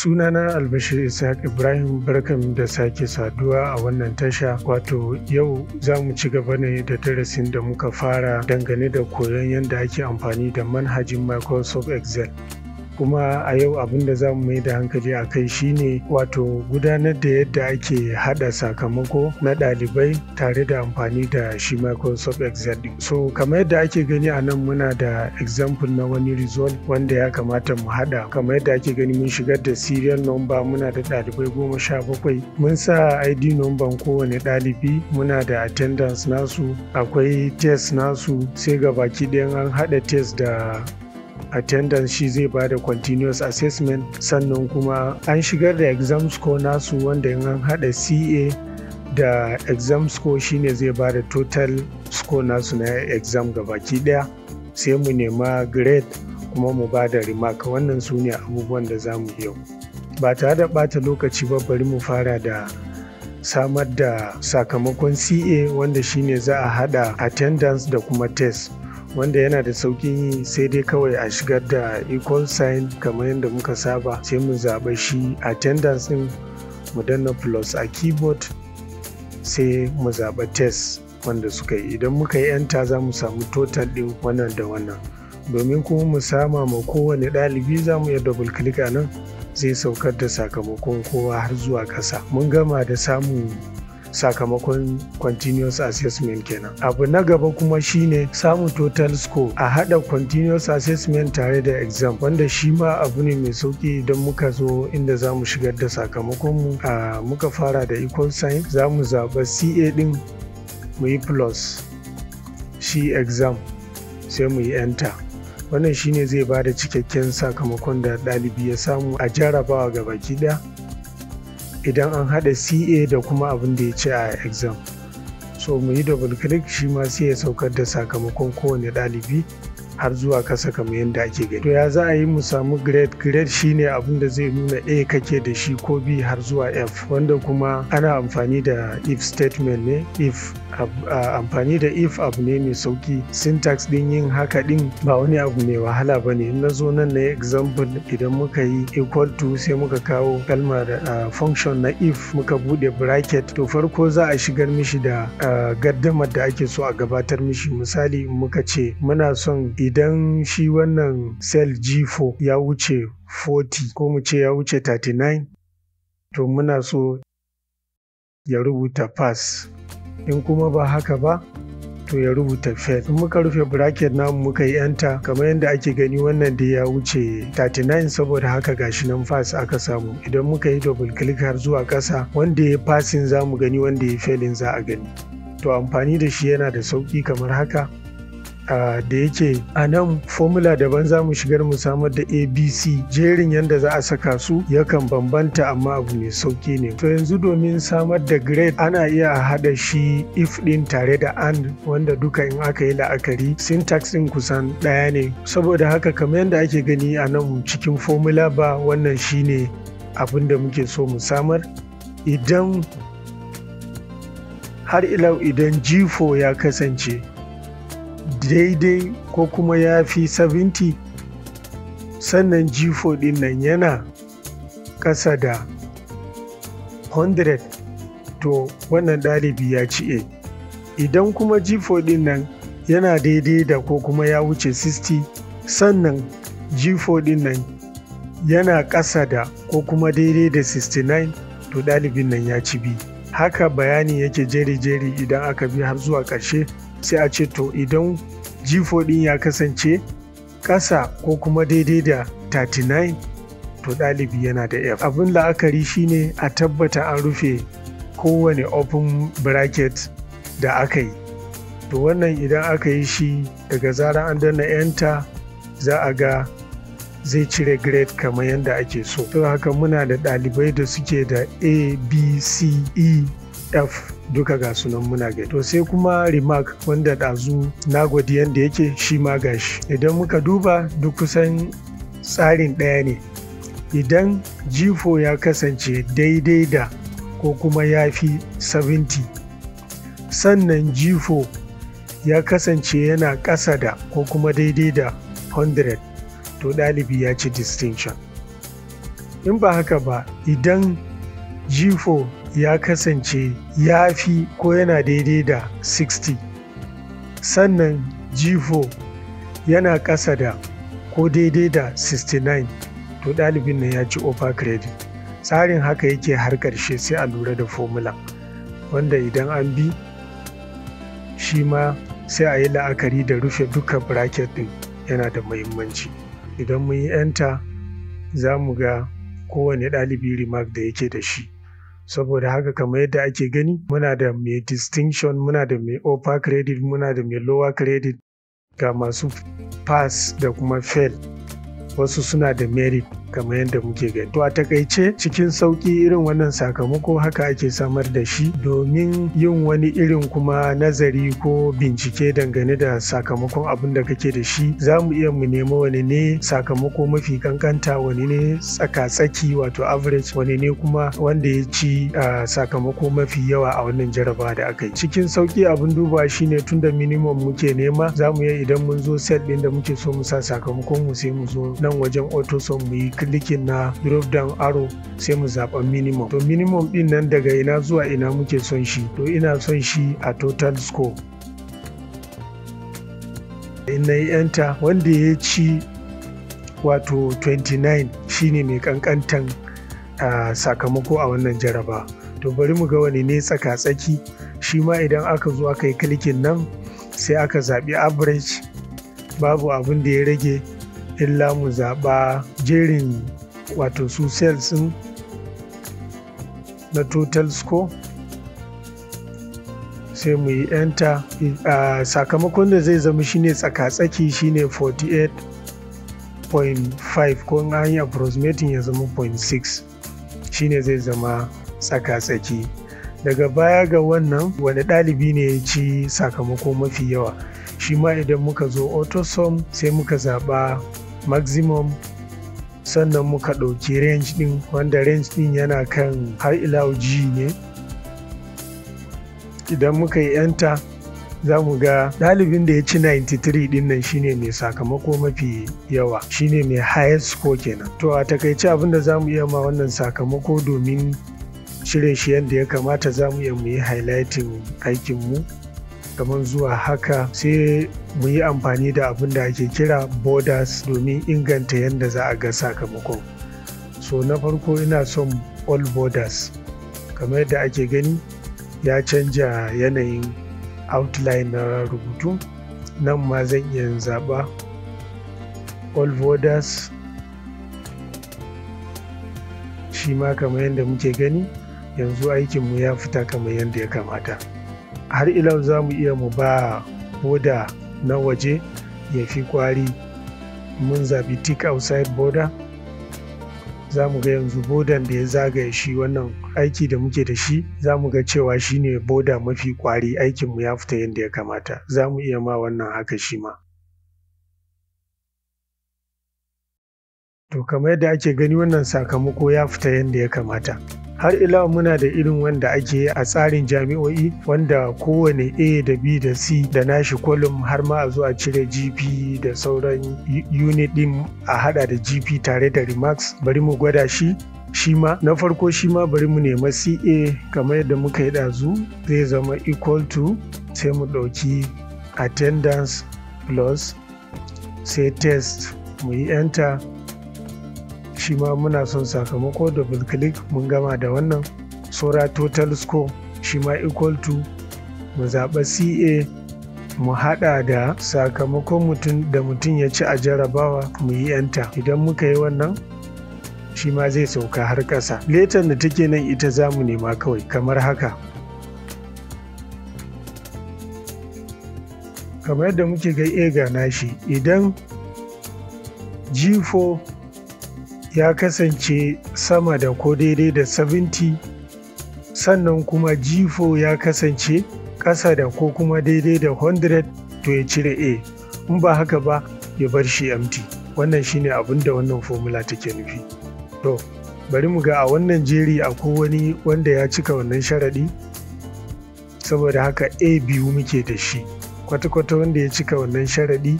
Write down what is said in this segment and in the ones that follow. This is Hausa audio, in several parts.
Sunana Albashir Ishaq Ibrahim barkam da sake saduwa a wannan tasha wato yau za mu ci gaba ne da darasin da muka fara dangane da koyon yadda ake amfani da manhajin Microsoft Excel. kuma a yau abin da za mu mai da hankali a kai shine wato gudanar da yadda ake hada sakamako na ɗalibai tare da amfani da shi microsoft excel so kamar yadda ake gani a nan muna da example na wani result wanda ya kamata mu hada kamar yadda ake gani mun shigar da serial number muna da ɗalibai goma sha bakwai mun sa id number kowane ɗalibi muna da attendance nasu akwai test nasu sai ga baki ɗayan an haɗa test da attendance shi zai ba da continuous assessment sannan kuma an shigar da exam score nasu wanda in an hada ca da exam score shine zai bada total score nasu na exam gabaki daya sai mu nema grade kuma mu ba da remark wannan su ne abubuwan da za mu yau ba tare da bata lokaci ba bari mu fara da samar da sakamakon ca wanda shine za a hada attendance da kuma test wanda yana da saukin yi sai dai kawai a shigar da equal sign kamar yadda muka saba sai mu zaɓa shi attendance in mu danna plus a keyboard sai mu zaɓa test wanda suka yi idan muka yi 'yanta za mu samu total ɗin wannan da wannan domin kuma mu sama ma kowane ɗalibi za mu iya double click a nan zai saukar da sakamakon kowa har zuwa ƙasa mun gama da samun sakamakon continuous assessment kenan abu na gaba kuma shine samun total score a hada continuous assessment tare da exam wanda shi ma abu ne mai sauki idan muka zo inda za mu shigar da sakamakonmu a muka fara da equal sign za mu zaɓa ca din mu yi plus shi exam sai mu yi enter wannan shine zai ba da cikakken sakamakon da ɗalibi ya samu a jarabawa gabaki daya idan an haɗa ca da kuma abin da ya ce a exam so mu yi double click shi ma sai ya saukar da sakamakon kowane ɗalibi har zuwa kasa kamar yadda ake gani to ya za a yi mu samu grade grade shine abin da zai nuna a kake da shi ko b har zuwa f wanda kuma ana amfani da if statement ne if amfani da if abu ne mai sauki syntax din yin haka din ba wani abu mai wahala ba ne na zo nan na example idan muka yi equal to sai muka kawo kalma kalmar function na if muka bude bracket to farko za a shigar mishi da gaddamar da ake so a gabatar mishi misali muka ce muna son idan shi wannan cell G4 ya wuce 40 ko mu ya wuce 39 to muna so ya rubuta pass in kuma ba haka ba to ya rubuta fail in muka rufe bracket namu muka yi enter kamar yadda ake gani wannan da ya wuce 39 saboda haka gashi nan pass aka samu idan muka yi double click har zuwa ƙasa wanda ya passing za mu gani wanda ya failing za a gani to amfani da shi yana da sauƙi kamar haka da yake a nan formula daban za mu shigar mu samar da abc jerin yadda za a saka su yakan bambanta amma abu mai sauki ne to yanzu domin samar da grade ana iya haɗa shi if ɗin tare da and wanda duka in aka yi la'akari syntax ɗin kusan ɗaya ne saboda haka kamar yadda ake gani a nan cikin formula ba wannan shine abin da muke so mu samar idan har ilau idan g4 ya kasance daidai ko kuma ya fi 70 sannan g4 din nan yana ƙasa da 100 to wannan ɗalibi ya ci a idan kuma g4 din nan yana daidai da ko kuma ya wuce 60 sannan g4 din nan yana ƙasa da ko kuma daidai da 69 to ɗalibin nan ya ci bi haka bayani yake jeri-jeri idan aka bi har zuwa ƙarshe sai a ce to idan g4 din ya kasance ƙasa ko kuma daidai da 39 to ɗalibi yana da f abin la'akari shine a tabbata an rufe kowane open bracket da aka yi to wannan idan aka yi shi daga zarar an danna 'yanta za a ga zai cire grade kamar yadda ake so to haka muna da ɗalibai da suke da a b c e f duka ga sunan muna gani to sai kuma remark wanda dazu na godiyan da yake shi ma gashi idan muka duba duk kusan tsarin ɗaya ne idan g4 ya kasance daidai da ko kuma ya fi 70 sannan g4 ya kasance yana ƙasa da ko kuma daidai da 100 to ɗalibi ya ci distinction in ba haka ba idan g4 ya kasance ya fi ko yana daidai da 60 sannan g4 yana ƙasa da ko daidai da 69 to ɗalibin nan ya ci over credit tsarin haka yake har ƙarshe sai a lura da formula wanda idan an bi shi ma sai a yi la'akari da rufe duka bracket ɗin yana da muhimmanci idan mun yi enter za mu ga kowane ɗalibi remark da yake da shi saboda haka kamar yadda ake gani muna da mai distinction muna da mai upper credit muna da mai lower credit ga masu pass da kuma fail wasu suna da merit kamar yadda muke gani. To a takaice cikin sauki irin wannan sakamako haka ake samar da shi domin yin wani irin kuma nazari ko bincike dangane da sakamakon abin da kake da shi za mu iya mu nemo wani ne sakamako mafi kankanta wani ne tsaka-tsaki wato average wani ne kuma wanda ya ci sakamako mafi yawa a wannan jaraba da aka yi. Cikin sauki abin duba shine tunda minimum muke nema za mu iya idan mun zo set ɗin da muke so mu sa sakamakon mu sai mu zo nan wajen autosom mu yi klikin na drop down arrow sai mu zaɓa minimum to minimum ɗin nan daga ina zuwa ina muke son shi to ina son shi a total score in na yi enter wanda ya ci wato 29 shine mai kankantan sakamako a wannan jaraba to bari mu ga wani ne tsaka-tsaki shi ma idan aka zo aka yi klikin nan sai aka zaɓi average babu abin da ya rage illa mu zaɓa jerin wato su sales na total score sai mu yi enter uh, sakamakon da zai zama shine tsaka-tsaki shine 48.5 ko an yi approximating ya zama 0.6 shine zai zama tsakatsaki daga baya ga wannan wani ɗalibi ne ya ci sakamako mafi yawa shi ma idan muka zo autosom sai muka zaɓa maximum sannan muka ɗauki range ɗin wanda range ɗin yana kan har ila g ne idan muka yi 'yanta za mu ga ɗalibin da ya ci 93 ɗin nan shine mai sakamako mafi yawa shine mai highest score kenan to a takaice abinda za mu iya ma wannan sakamako domin shirye shi yadda ya kamata za mu iya mu yi highlighting aikinmu kamar zuwa haka sai mu yi amfani da abin da ake kira borders domin inganta yadda za a ga sakamakon so na farko ina son all borders kamar yadda ake gani ya canja yanayin outline na rubutu nan ma zan iya zaba all borders shi ma kamar yadda muke gani yanzu aikinmu ya fita kamar yadda ya kamata har ila za mu iya mu ba boda na waje ya fi kwari mun zaɓi tick outside border za mu ga yanzu bodan da ya zagaye shi wannan aiki da muke da shi za mu ga cewa shi ne boda mafi kwari aikinmu ya fita yadda ya kamata za mu iya ma wannan haka shi ma to kamar yadda ake gani wannan sakamako ya fita yadda ya kamata har ila muna da irin wanda ake a tsarin jami'o'i wanda kowane a da b da c da nashi kolum har ma a zo a cire gp da sauran unit din a hada da gp tare da remarks bari mu gwada shi shi ma na farko shi ma bari mu nema ca kamar yadda muka yi ɗazu zai zama equal to sai mu ɗauki attendance plus sai test mu yi enter shi ma muna son sakamako double click mun gama da wannan sora total score shi ma equal to mu zaɓa ca mu haɗa da sakamakon mutum da mutum ya ci a jarabawa mu yi enter idan muka yi wannan shi ma zai sauka har ƙasa letan da take nan ita za mu nema kawai kamar haka kamar yadda muke ga ega nashi idan g4 ya kasance sama da ko daidai da 70 sannan kuma g4 ya kasance ƙasa da ko kuma daidai da 100 to ya cire a in ba haka ba ya bar shi mt wannan shine abin da wannan formula take nufi to bari mu ga a wannan jeri akwai wani wanda ya cika wannan sharaɗi saboda haka a biyu muke da shi kwata-kwata wanda ya cika wannan sharaɗi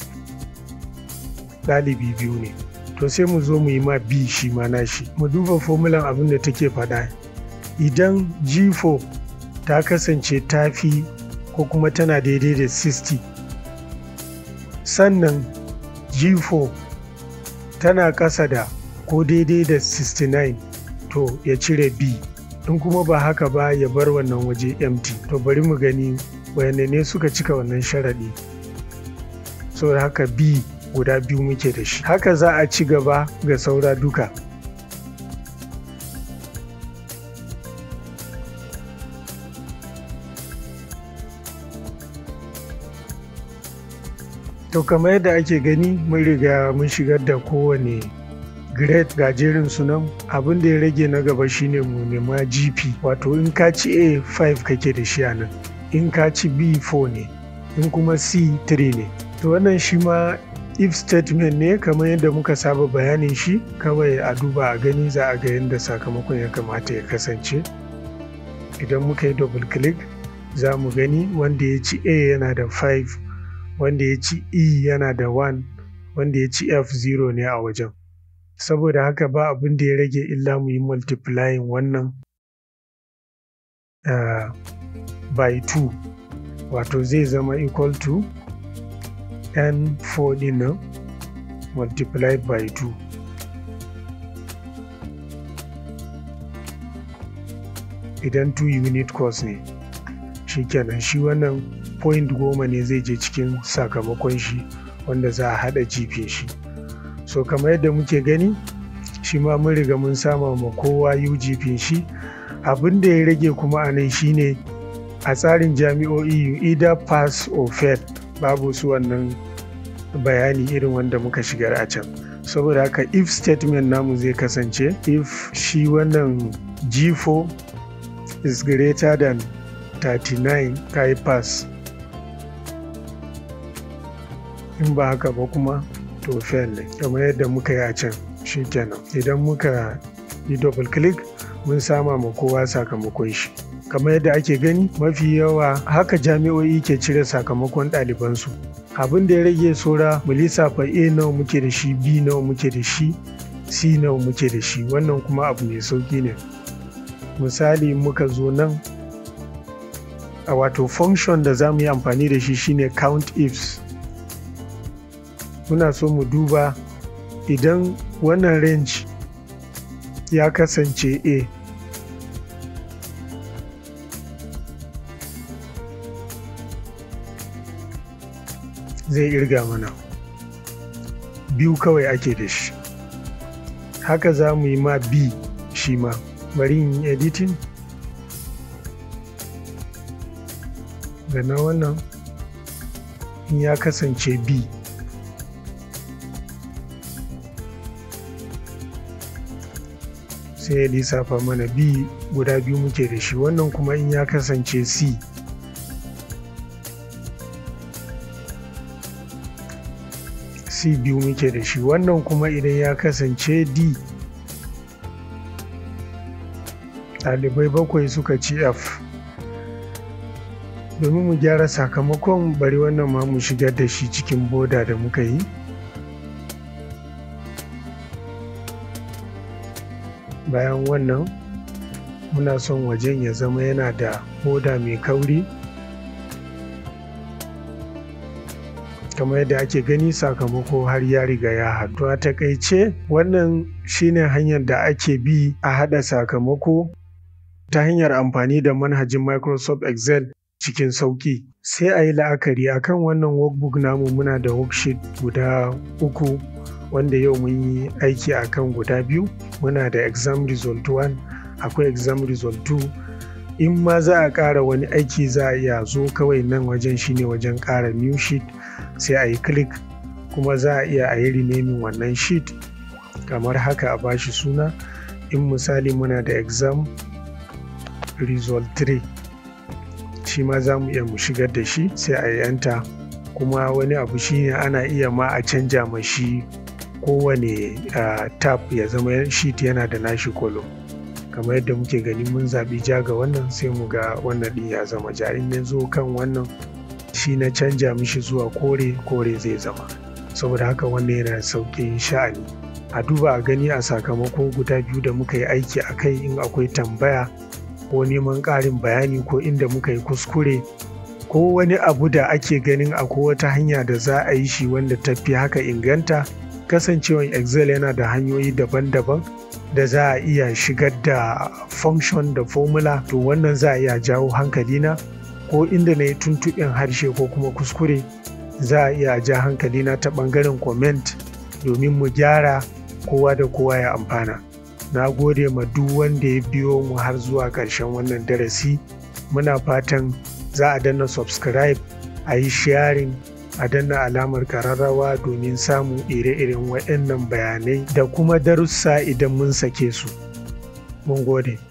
ɗalibi biyu ne to sai mu zo mu yi ma b shi ma na shi. mu duba fomulan abin da take faɗa idan g4 ta kasance tafi ko kuma tana daidai da 60 sannan g4 tana ƙasa da ko daidai da 69 to ya cire b in kuma ba haka ba ya bar wannan waje mt to bari mu gani wayanne ne suka cika wannan sharaɗi so haka b guda biyu muke da shi haka za a ci gaba ga saura duka to kamar yadda ake gani mun riga mun shigar da kowane grade gajerin sunan abin da ya rage na gaba shine mu nema gp wato in ka ci a5 kake da shi a nan in ka ci b4 ne in kuma c3 ne to wannan shi ma if statement ne kamar yadda muka saba bayanin shi kawai a duba a gani za a ga yadda sakamakon ya kamata ya kasance idan muka yi double click za mu gani wanda ya ci a yana da 5 wanda ya ci e yana da 1 wanda ya ci f 0 ne a wajen saboda haka ba abin da ya rage illa mu yi multiplying wannan eh, by 2 wato zai zama equal to n4 dinnan multiply by 2 idan 2 unit cost ne shikenan shi wannan point goma ne zai je cikin sakamakon shi wanda za a hada jife shi so kamar yadda muke gani shi ma mun riga mun sama ma kowa ugp shi abin da ya rage kuma a nan shine a tsarin jami'o'i either pass or fail babu su wannan bayani irin wanda muka shigar a can saboda haka if statement namu zai kasance if shi wannan g4 is greater than 39 kai pass in ba haka ba kuma to fail ne kamar yadda muka yi a can shi kenan idan muka yi double click mun sama ma kowa sakamakon shi kamar yadda ake gani mafi yawa haka jami'o'i ke cire sakamakon ɗalibansu abin da ya rage sora, mu lissafa a nawa muke da shi b nawa muke da shi c nawa muke da shi wannan kuma abu mai sauki ne misali muka zo nan a wato function da za mu yi amfani da shi shine count ifs muna so mu duba idan wannan range ya kasance a zai irga mana biyu kawai ake da shi haka za mu yi ma b shi ma bari in yi editing ga na wannan in ya kasance b sai ya lissafa mana b guda biyu muke da shi wannan kuma in ya kasance c c biyu muke da shi wannan kuma idan ya kasance d ɗalibai bakwai suka ci f domin mu gyara sakamakon bari wannan ma mu shigar da shi cikin boda da muka yi bayan wannan muna son wajen ya zama yana da boda mai kauri kamar yadda ake gani sakamako har ya riga ya haɗu a takaice wannan shine hanyar da ake bi a haɗa sakamako ta hanyar amfani da manhajin microsoft excel cikin sauƙi sai a yi la'akari akan wannan workbook namu muna da worksheet guda uku wanda yau mun yi aiki akan guda biyu muna da exam result 1 akwai exam result 2 in ma za a ƙara wani aiki za a iya zo kawai nan wajen shine wajen ƙara new sheet sai a yi click kuma za a iya a yi renaming wannan sheet kamar haka a bashi suna in misali muna da exam result 3 shi ma za mu iya mu shigar da shi sai a yi kuma wani abu shine ana iya ma a canja ma shi kowane uh, tab ya zama sheet yana da nashi kolo. kamar yadda muke gani mun zaɓi ja ga wannan sai mu ga wannan ɗin ya zama ja in ya kan wannan shi na canja mishi zuwa kore kore zai zama saboda haka wannan yana da sauƙin sha'ani a duba a gani a sakamako guda biyu da muka yi aiki a kai in akwai tambaya ko neman ƙarin bayani ko inda muka yi kuskure ko wani abu da ake ganin akwai wata hanya da za a yi shi wanda ta fi haka inganta kasancewan excel yana da hanyoyi daban-daban da za a iya shigar da function da formula to wannan za a iya jawo hankalina ko inda na yi tuntuɓin harshe ko kuma kuskure za a iya ja hankali na ta ɓangaren comment domin mu gyara kowa da kowa ya amfana na gode ma duk wanda ya biyo mu har zuwa ƙarshen wannan darasi muna fatan za a danna subscribe a yi sharing a danna alamar kararrawa domin samun ire-iren waɗannan bayanai da kuma darussa idan mun sake su mun gode